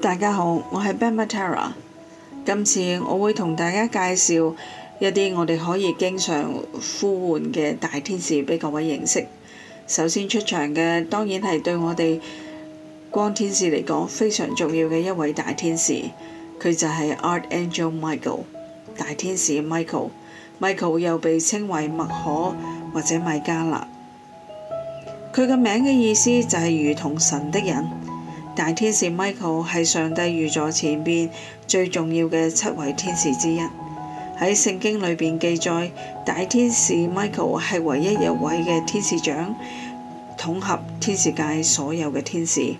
大家好，我係 Padma Tara。今次我會同大家介紹一啲我哋可以經常呼喚嘅大天使俾各位認識。首先出場嘅當然係對我哋光天使嚟講非常重要嘅一位大天使，佢就係 Archangel Michael，大天使 Michael。Michael 又被稱為麥可或者米迦勒。佢嘅名嘅意思就係如同神的人。大天使 Michael 係上帝御座前邊最重要嘅七位天使之一。喺聖經裏邊記載，大天使 Michael 係唯一一位嘅天使長，統合天使界所有嘅天使。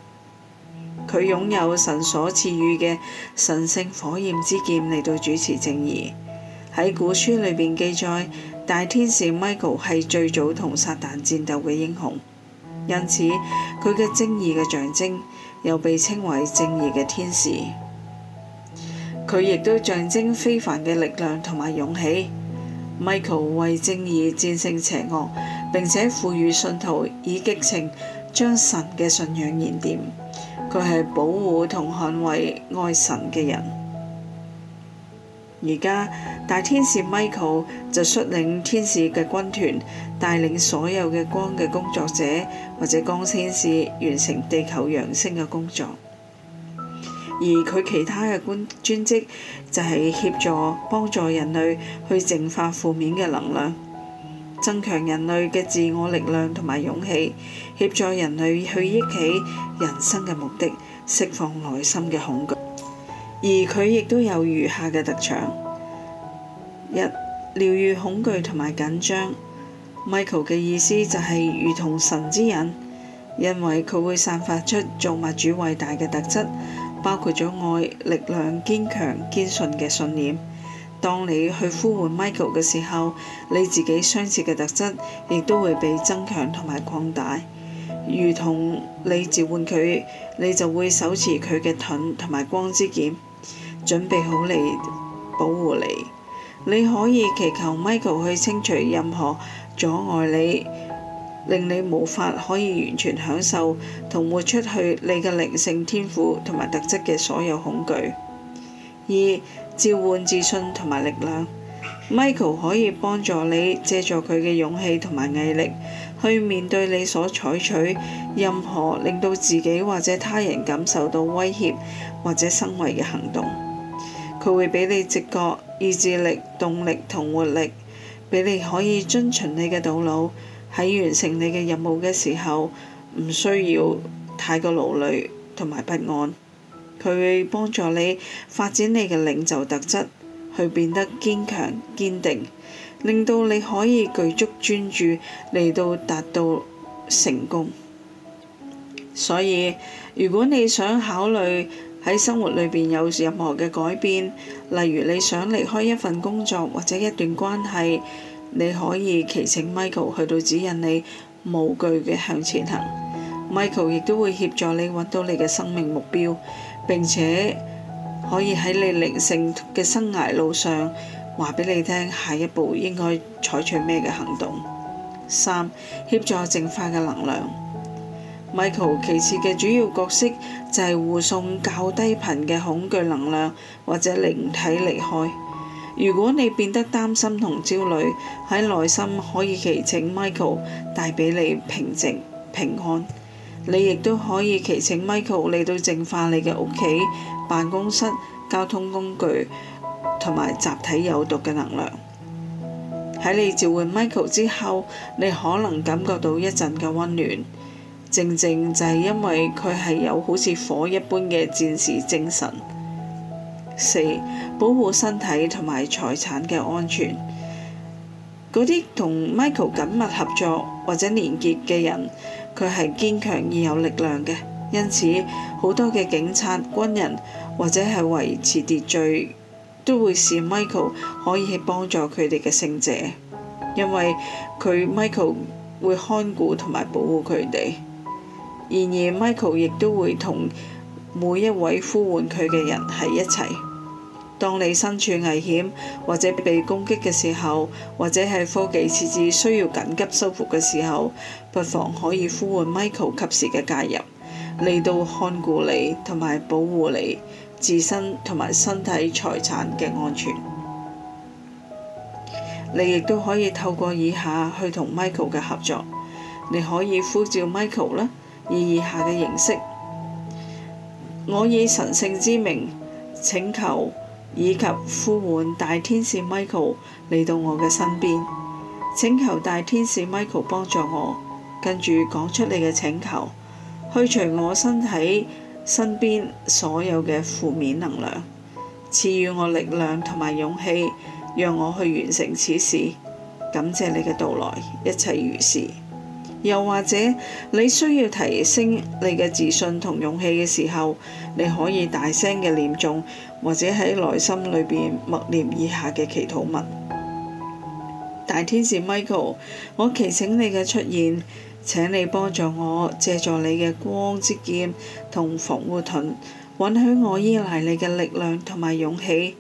佢擁有神所賜予嘅神聖火焰之劍嚟到主持正義。喺古書裏邊記載，大天使 Michael 係最早同撒旦戰鬥嘅英雄，因此佢嘅正義嘅象徵。又被稱為正義嘅天使，佢亦都象徵非凡嘅力量同埋勇氣。Michael 為正義戰勝邪惡，並且賦予信徒以激情，將神嘅信仰燃點。佢係保護同捍衛愛神嘅人。而家大天使 Michael 就率領天使嘅軍團，帶領所有嘅光嘅工作者或者光天使，完成地球揚升嘅工作。而佢其他嘅官專職就係協助幫助人類去淨化負面嘅能量，增強人類嘅自我力量同埋勇氣，協助人類去憶起人生嘅目的，釋放內心嘅恐懼。而佢亦都有如下嘅特長：一、療愈恐懼同埋緊張。Michael 嘅意思就係如同神之引，因為佢會散發出造物主偉大嘅特質，包括咗愛、力量、堅強、堅信嘅信念。當你去呼喚 Michael 嘅時候，你自己相似嘅特質亦都會被增強同埋擴大。如同你召喚佢，你就會手持佢嘅盾同埋光之劍。準備好你，保護你。你可以祈求 Michael 去清除任何阻礙你、令你無法可以完全享受同活出去你嘅靈性天賦同埋特質嘅所有恐懼。二、召喚自信同埋力量，Michael 可以幫助你借助佢嘅勇氣同埋毅力去面對你所採取任何令到自己或者他人感受到威脅或者傷害嘅行動。佢會俾你直覺、意志力、動力同活力，俾你可以遵循你嘅道路，喺完成你嘅任務嘅時候，唔需要太過勞累同埋不安。佢會幫助你發展你嘅領袖特質，去變得堅強堅定，令到你可以具足專注嚟到達到成功。所以，如果你想考慮，喺生活裏邊有任何嘅改變，例如你想離開一份工作或者一段關係，你可以祈請 Michael 去到指引你，無懼嘅向前行。Michael 亦都會協助你揾到你嘅生命目標，並且可以喺你靈性嘅生涯路上，話俾你聽下一步應該採取咩嘅行動。三，協助淨化嘅能量。Michael 其次嘅主要角色。就係護送較低頻嘅恐懼能量或者靈體離開。如果你變得擔心同焦慮，喺內心可以祈請 Michael 帶俾你平靜平安。你亦都可以祈請 Michael 嚟到淨化你嘅屋企、辦公室、交通工具同埋集體有毒嘅能量。喺你召喚 Michael 之後，你可能感覺到一陣嘅溫暖。正正就係因為佢係有好似火一般嘅戰士精神，四保護身體同埋財產嘅安全。嗰啲同 Michael 緊密合作或者連結嘅人，佢係堅強而有力量嘅。因此，好多嘅警察、軍人或者係維持秩序，都會視 Michael 可以幫助佢哋嘅聖者，因為佢 Michael 會看顧同埋保護佢哋。然而，Michael 亦都會同每一位呼喚佢嘅人喺一齊。當你身處危險或者被攻擊嘅時候，或者係科技設置需要緊急修復嘅時候，不妨可以呼喚 Michael 及時嘅介入嚟到看顧你同埋保護你自身同埋身體財產嘅安全。你亦都可以透過以下去同 Michael 嘅合作。你可以呼召 Michael 啦。以以下嘅形式，我以神聖之名請求以及呼喚大天使 Michael 嚟到我嘅身邊，請求大天使 Michael 幫助我，跟住講出你嘅請求，去除我身體身邊所有嘅負面能量，賜予我力量同埋勇氣，讓我去完成此事。感謝你嘅到來，一切如是。又或者你需要提升你嘅自信同勇氣嘅時候，你可以大聲嘅念誦，或者喺內心裏邊默念以下嘅祈禱文： 大天使 Michael，我祈請你嘅出現，請你幫助我，借助你嘅光之劍同防護盾，允許我依賴你嘅力量同埋勇氣，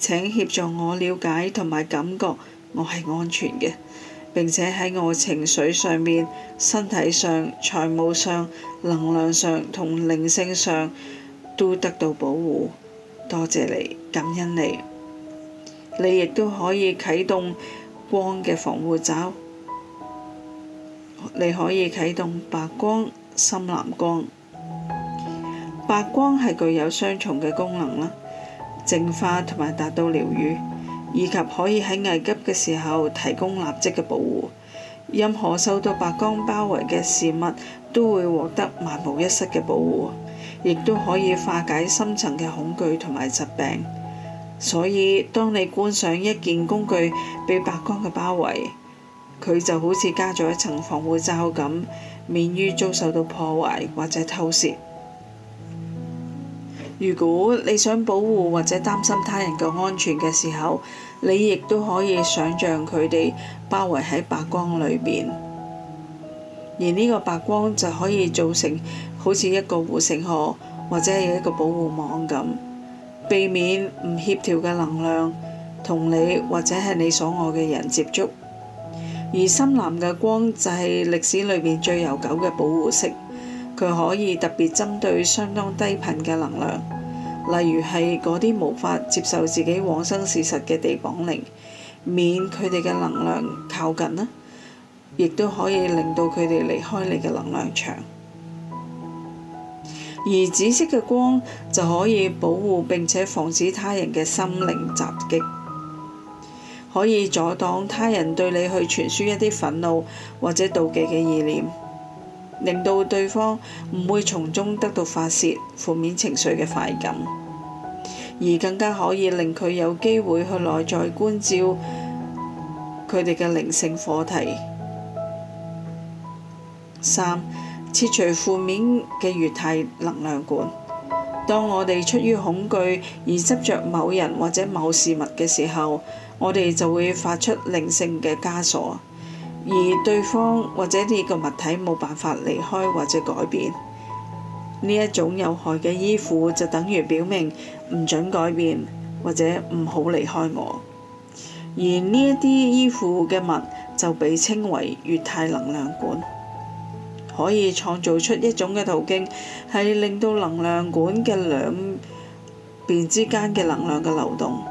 請協助我了解同埋感覺我係安全嘅。並且喺我情緒上面、身體上、財務上、能量上同靈性上都得到保護，多謝你，感恩你。你亦都可以啟動光嘅防護罩，你可以啟動白光、深藍光。白光係具有雙重嘅功能啦，淨化同埋達到療愈。以及可以喺危急嘅時候提供立即嘅保護，任何受到白光包圍嘅事物都會獲得萬無一失嘅保護，亦都可以化解深層嘅恐懼同埋疾病。所以，當你觀賞一件工具被白光嘅包圍，佢就好似加咗一層防護罩咁，免於遭受到破壞或者偷竊。如果你想保護或者擔心他人嘅安全嘅時候，你亦都可以想像佢哋包圍喺白光裏邊，而呢個白光就可以做成好似一個護城河或者係一個保護網咁，避免唔協調嘅能量同你或者係你所愛嘅人接觸。而深藍嘅光就係歷史裏邊最悠久嘅保護色。佢可以特別針對相當低頻嘅能量，例如係嗰啲無法接受自己往生事實嘅地縛靈，免佢哋嘅能量靠近，亦都可以令到佢哋離開你嘅能量場。而紫色嘅光就可以保護並且防止他人嘅心靈襲擊，可以阻擋他人對你去傳輸一啲憤怒或者妒忌嘅意念。令到對方唔會從中得到發泄負面情緒嘅快感，而更加可以令佢有機會去內在觀照佢哋嘅靈性課題。三、切除負面嘅乙太能量管。當我哋出於恐懼而執着某人或者某事物嘅時候，我哋就會發出靈性嘅枷鎖。而對方或者呢個物體冇辦法離開或者改變呢一種有害嘅依附，就等於表明唔準改變或者唔好離開我。而呢一啲依附嘅物就被稱為乙太能量管，可以創造出一種嘅途徑，係令到能量管嘅兩邊之間嘅能量嘅流動。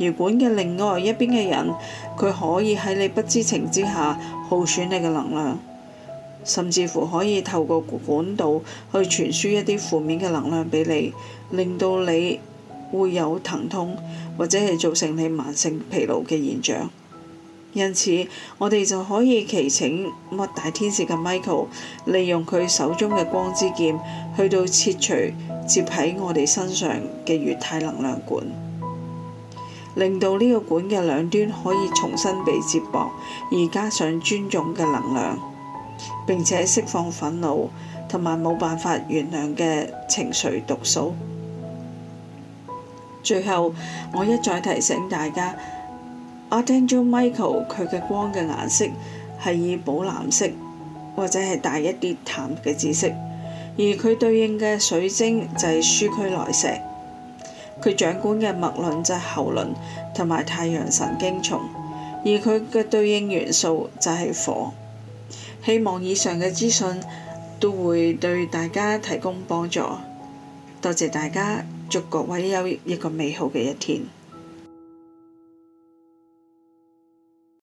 如管嘅另外一邊嘅人，佢可以喺你不知情之下耗損你嘅能量，甚至乎可以透過管道去傳輸一啲負面嘅能量俾你，令到你會有疼痛，或者係造成你慢性疲勞嘅現象。因此，我哋就可以祈請麥大天使嘅 Michael，利用佢手中嘅光之劍，去到切除接喺我哋身上嘅乙太能量管。令到呢個管嘅兩端可以重新被接駁，而加上尊重嘅能量，並且釋放憤怒同埋冇辦法原諒嘅情緒毒素。 最後，我一再提醒大家，Archangel Michael 佢嘅光嘅顏色係以寶藍色或者係帶一啲淡嘅紫色，而佢對應嘅水晶就係舒俱來石。佢掌管嘅脈輪就係喉輪同埋太陽神經叢，而佢嘅對應元素就係火。希望以上嘅資訊都會對大家提供幫助。多謝大家，祝各位有一個美好嘅一天。